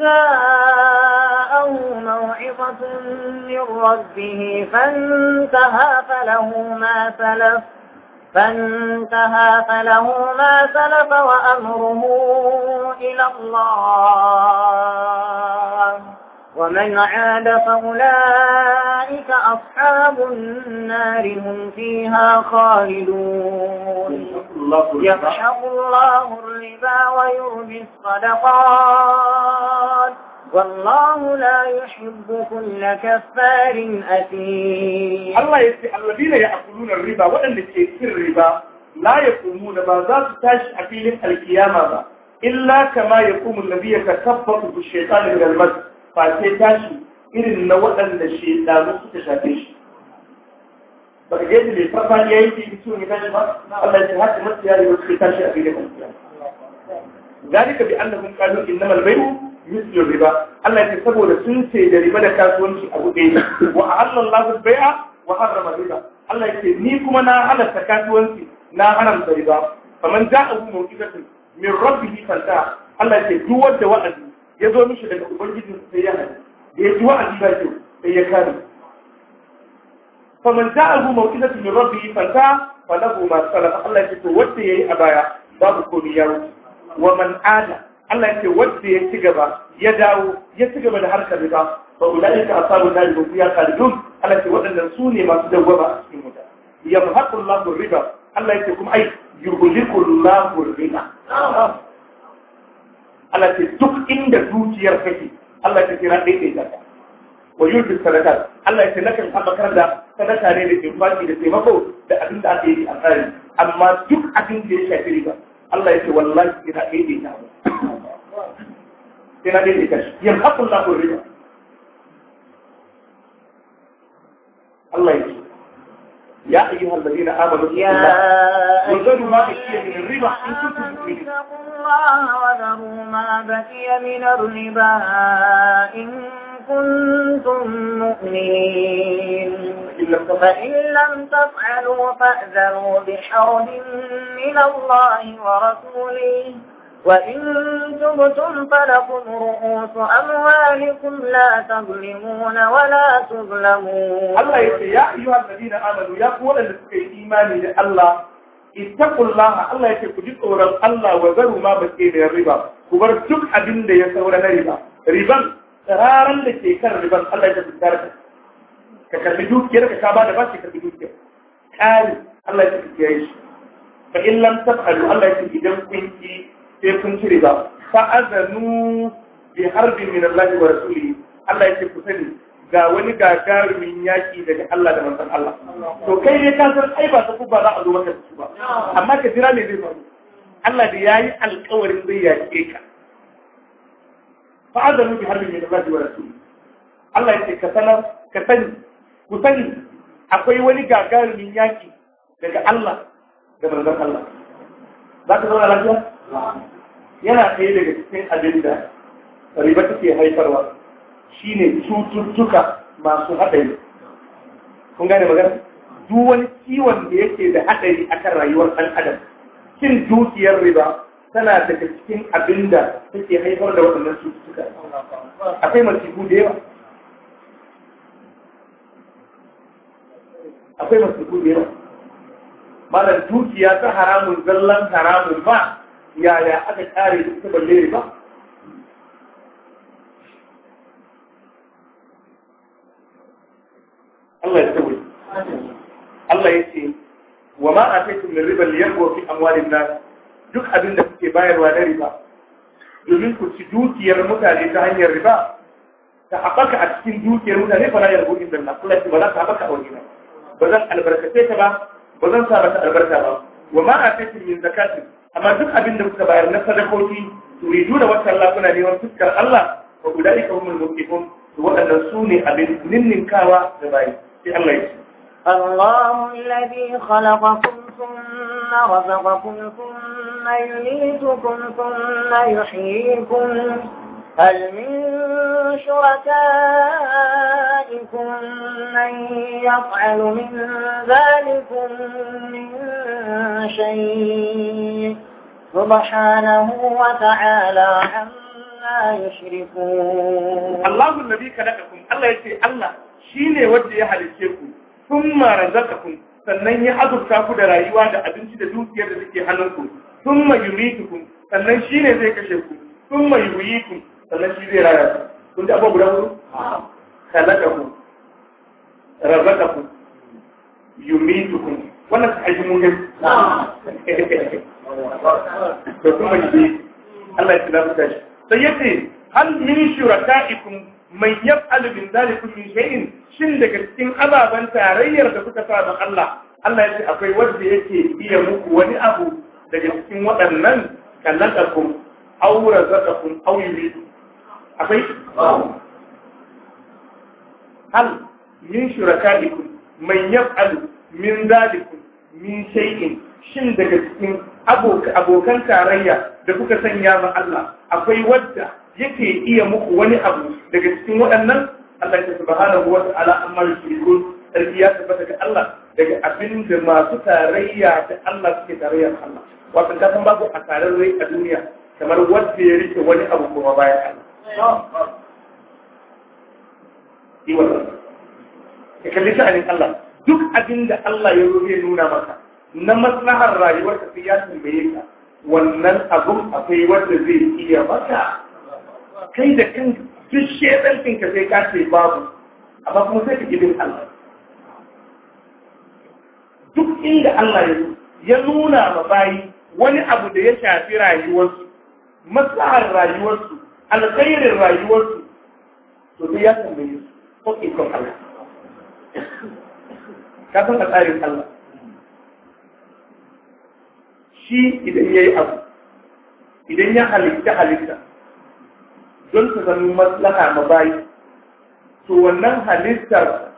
جاءه موعظة من ربه فانتهى فله ما سلف فانتهى فله ما سلف وأمره إلى الله ومن عاد فأولئك أصحاب النار هم فيها خالدون يفحق الله الربا ويربي الصدقات والله لا يحب كل كفار أثيم الله يسي الذين يأكلون الربا وأن يكثر الربا لا يقومون ما ذات تاش أفيلم القيامة با. إلا كما يقوم الذي يتكبط بالشيطان من المس فأتي تاشي إذن نوأ أن الشيطان تشافيش فقيت لي فقال يا يدي بسوني تاشما الله يسهات مصر يا يوكي تاشي أفيلم القيامة ذلك بأنهم قالوا إنما البيع mislin riba Allah ya saboda sun ce da riba da kasuwanci a buɗe wa halallahu bai'a wa harrama riba Allah ya ce ni kuma na halatta kasuwanci na haramta riba faman ja'a bi mawqidatin min rabbih fanta Allah ya ce duk wanda wa'azi ya zo mishi daga ubangiji sai ya hadi da ya ji wa'azi ba kyau sai ya kare faman ja'a bi mawqidatin min rabbih fanta fa falahu ma salafa Allah ya ce to wanda yayi a baya babu komai ya wuce wa man ada Allah ya ce wanda ya ci gaba ya dawo ya ci gaba da harkar riba fa ulaika ashabun nar hum fiha khalidun Allah ya ce waɗannan su ne masu dawwaba a cikin wuta yamhaqu Allahu riba Allah ya ce kuma ai yuhliku Allahu riba Allah ya ce duk inda dukiyar kake Allah ya ce na daidai ta wa yurbi sadaqat Allah ya ce nakan haɓakar da sadaka ne da infaki da taimako da abin da aka yi a tsari amma duk abin da ya shafi riba Allah ya ce wallahi ina daidaita mu هنا دي الكشف ينخط الله الربا الله يجزيك يا ايها الذين امنوا يا وذروا ما بقي من الربا ان كنتم مؤمنين الله وذروا ما بقي من الربا ان كنتم مؤمنين فإن لم تفعلوا فاذروا بحرب من الله ورسوله وإن تبتم فلكم رؤوس أموالكم لا تظلمون ولا تظلمون الله يقول يا أيها الذين آمنوا يا قولا لسكي إيماني لله اتقوا الله الله يقول جد أورا الله وذروا ما بكين الربا كبر تك أبن دي يسورا ربا ربا ترارا لكي كان ربا الله يقول كارك ككربي دوك كيرك كابا دباش ككربي دوك كيرك قال الله يقول كيش فإن لم تفعلوا الله يقول إذا كنت sai kun cire ba azanu bi harbi min Allah wa rasuli Allah yake ku sani ga wani gagarumin yaki daga Allah da manzon Allah to kai ne ka san ai ba ta ba za a zo maka su ba amma ka jira me zai faru Allah da yayi alƙawarin zai yake ka azanu bi harbi min Allah wa rasuli Allah yake ka sanar ka sani ku sani akwai wani gagarumin yaki daga Allah da manzon Allah za ka zauna lafiya yana ɗaya daga cikin abin da riba take haifarwa shine cututtuka masu haɗari kun gane magana duk wani ciwon da yake da haɗari akan rayuwar ɗan adam cin dukiyar riba tana daga cikin abin da take haifar da waɗannan cututtuka akwai masifu da yawa akwai masifu da yawa malam dukiya ta haramun zallan haramun ba yaya aka kare da suka balle ba Allah ya tsawo Allah ya ce wa ma ataytum min riba liyanbu fi amwalin nas duk abin da kuke bayarwa na riba domin ku ci dukiyar mutane ta hanyar riba ta haɓaka a cikin dukiyar mutane fara la yarbu inda Allah kula ba za ta haɓaka a wajena ba zan albarkace ta ba ba zan sa mata albarka ba wa ma ataytum min zakatin amma duk abin da suka bayar na sadakoki turidu da wata Allah kuna neman fuskar Allah wa ulaika humul muqtiqun to waɗannan su ne abin ninninkawa da bayi sai Allah ya ce الله الذي خلقكم ثم رزقكم ثم يميتكم ثم يحييكم هل من شركائكم من يفعل من ذلكم من شيء سبحانه وتعالى عما يشركون الله الذي خلقكم الله يتي الله شيني وجه يحلقكم ثم رزقكم sannan ya azurta ku da rayuwa da abinci da dukiyar da suke hannunku sun mayumitukum sannan shi ne zai kashe ku sun mayuyikum sannan shi zai raya kun ji abubuwa guda hudu khalaqakum razaqakum yumitukum wannan sai mun gani da kuma ne Allah ya tsira muka shi sai yace hal min shuraka'ikum man yaf'alu min zalikum min shay'in shin daga cikin ababen tarayyar da kuka sa Allah Allah ya ce akwai wanda yake iya muku wani abu daga cikin waɗannan kallakakum aw razaqakum aw yuridu akwai hal min shuraka'ikum man yaf'alu min zalikum min shay'in shin daga cikin abokan tarayya da kuka sanya ma Allah akwai wadda yake iya muku wani abu daga cikin waɗannan Allah ta subhanahu ala amma yushrikun sarki ya tabbata ga Allah daga abin da masu tarayya da Allah suke tarayya da Allah wato ka san babu a rai a duniya kamar wanda ya rike wani abu kuma bayan Allah ka kalli sha'anin Allah duk abin da Allah ya rufe nuna maka na maslahar rayuwar ka sai ya tambaye ka wannan abun akwai wanda zai iya maka kai da kan duk shedancin ka sai ka ce babu amma kuma sai ka gidin Allah duk inda Allah ya ya nuna ma bayi wani abu da ya shafi rayuwarsu maslahar rayuwarsu alkhairin rayuwarsu to sai ya tambaye su ko ikon Allah ka san tsarin Allah shi idan ya yi abu idan ya halitta halitta don ta zama maslaha ma bayi to wannan halittar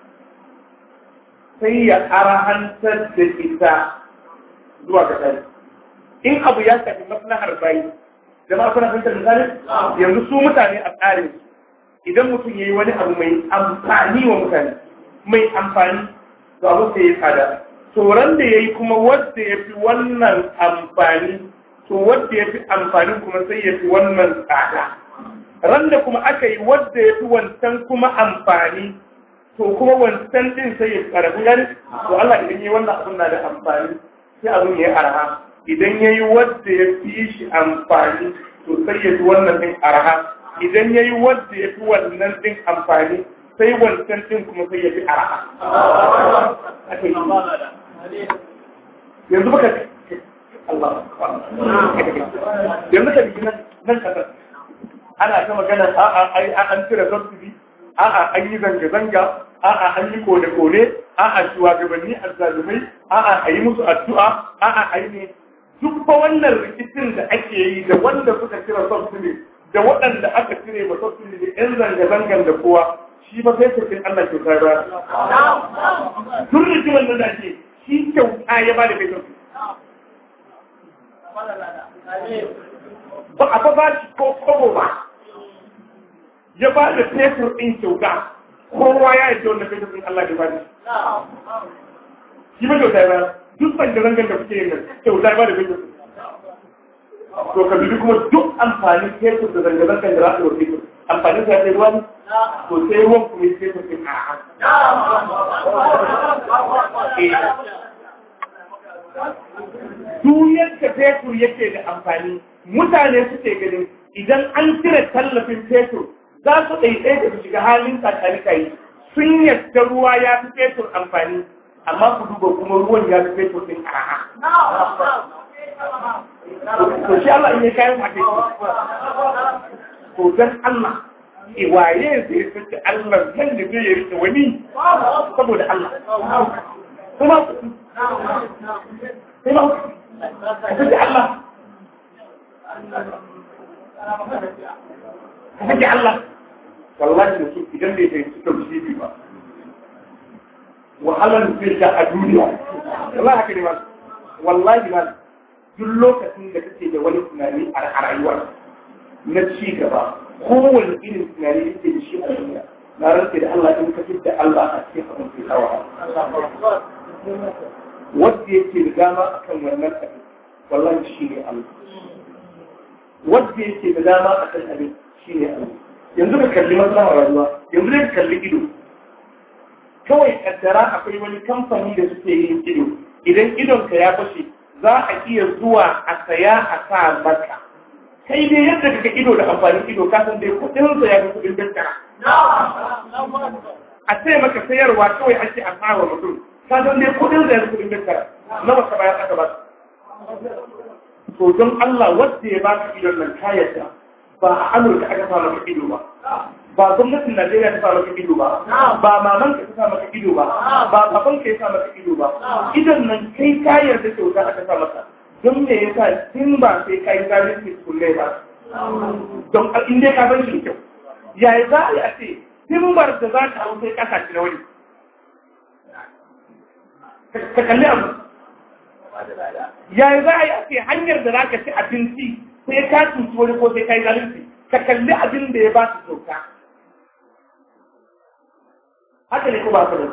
sai ya arahantar da ita zuwa ga dare in abu ya shafi maslahar bayi jama'a kuna da misalin yanzu su mutane a tsarin idan mutum ya yi wani abu mai amfani wa mutane mai amfani to abu sai ya tsada tsoron da ya yi kuma wadda ya fi wannan amfani to wadda ya fi amfani kuma sai ya fi wannan tsada ran da kuma aka yi wadda ya fi wancan kuma amfani to kuma wancan din sai ya karabu gani to Allah idan yi wannan abun na da amfani sai abu ya arha idan ya yi wadda ya fi shi amfani to sai ya fi wannan din arha idan ya yi wadda ya fi wannan din amfani sai wancan din kuma sai ya fi arha. yanzu baka Allah yanzu ka biki nan kasar ana ta magana a'a ai an cire subsidy a'a an yi zanga-zanga a'a an yi kone-kone a'a shugabanni azzalumai a'a a yi musu addu'a a'a a yi ne duk ba wannan rikicin da ake yi da wanda suka cire subsidy da waɗanda aka cire ba subsidy da 'yan zanga-zangan da kowa shi ba sai kurkin Allah kyautar rana. Tun rikimin da ake shi kyauta ya ba da mai kyautu ba a ba shi ko kobo ba ya ba da fetur ɗin kyauta kowa ya yi ɗin Allah ya ba da shi ba kyauta ba duk ban da rangar da kuke yin nan kyauta ya ba da fetur to ka bibi kuma duk amfanin da zanga-zangar da za a yi wa amfanin ya sai ruwan ko sai ruwan kuma sai ku fi a eh. duniyar ka fetur yake da amfani mutane suke ganin idan an cire tallafin fetur za su ɗaiɗai da shiga halin yi. sun yadda ruwa ya fi fetur amfani amma ku duba kuma ruwan ya fi fetur ɗin a'a. Ko shi Allah in ya kayan a to dan Allah iwaye zai saki Allah nan da zai rike wani saboda Allah kuma kuma saki Allah saki Allah wallahi da su idan bai sai su tausi ba wahalar zai a duniya wallahi haka ne ba wallahi ba duk lokacin da kake da wani tunani a rayuwar na ci gaba kowane irin tunani yake da shi a duniya na rantsa da Allah in ka da Allah a cikin abin ke kawo wanda yake da dama akan wannan abin wallahi shi ne Allah wanda yake da dama akan abin shi ne Allah yanzu ka kalli matsalar rayuwa yanzu ka kalli ido kawai kaddara akwai wani kamfani da suke yin ido idan idonka ya fashe za a iya zuwa a saya a sa maka sai dai yadda daga ido da amfanin ido kasan dai kudin sa ya fi kudin daskara a sai maka sayarwa kawai ake a tsara mutum Kasan dai kudin sa ya fi kudin daskara nawa ka bayan aka ba to don Allah wanda ya baka idon nan kayata ba a Amurka aka fara maka ido ba ba gwamnatin Najeriya ta fara maka ido ba, ba maman ka ta fara maka ido ba, ba baban ka ya fara maka ido ba, idan nan kai kayar da kyauta aka fara maka. don ya yasa in ba sai ka yi su kulle ba don in dai ka bar shi kyau yaya za a yi a ce da za ta hau sai ƙasa shi na wani ka kalli abu yaya za a yi a ce hanyar da za ka ci abinci sai ka tuntu wani ko sai ka yi su ka kalli abin da ya ba su kyauta haka ne ko ba ka da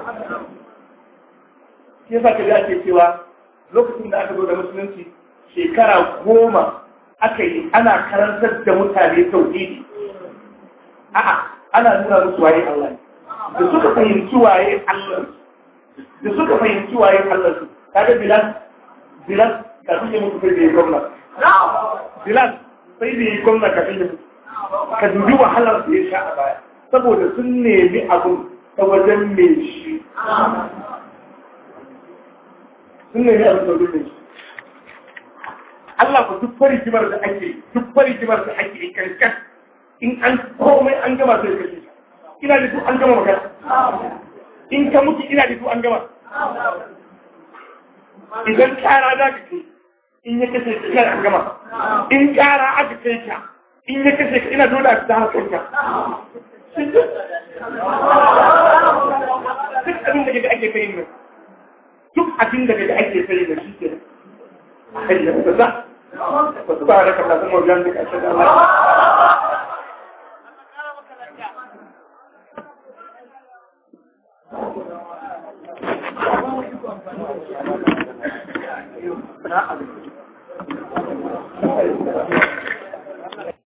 shi yasa kalli ake cewa lokacin da aka zo da musulunci shekara goma aka yi ana karantar da mutane tauhidi a'a ana nuna musu waye Allah da suka fahimci waye Allah da suka fahimci waye Allah su kaga Bilal Bilal ka fiye mutu sai da yi gwamna Bilal sai da yi gwamna ka fiye ka dubi wahalar da ya sha a baya saboda sun nemi abun ta wajen mai shi sun nemi abun ta wajen mai shi Allah ku duk fari kimar da ake duk fari kimar da ake in karkar in an komai an gama sai kashi ina da duk an gama magana in ka muke ina da duk an gama idan kara da ka in ya kashe ka ina an gama in kara aka kai ka in ya kashe ka ina dole a fita harkar ka duk abin da ake sayin nan duk abin da ake sayin nan shi ke a hanyar da za wasu ba kasa kuma biyan duka shi Thank you.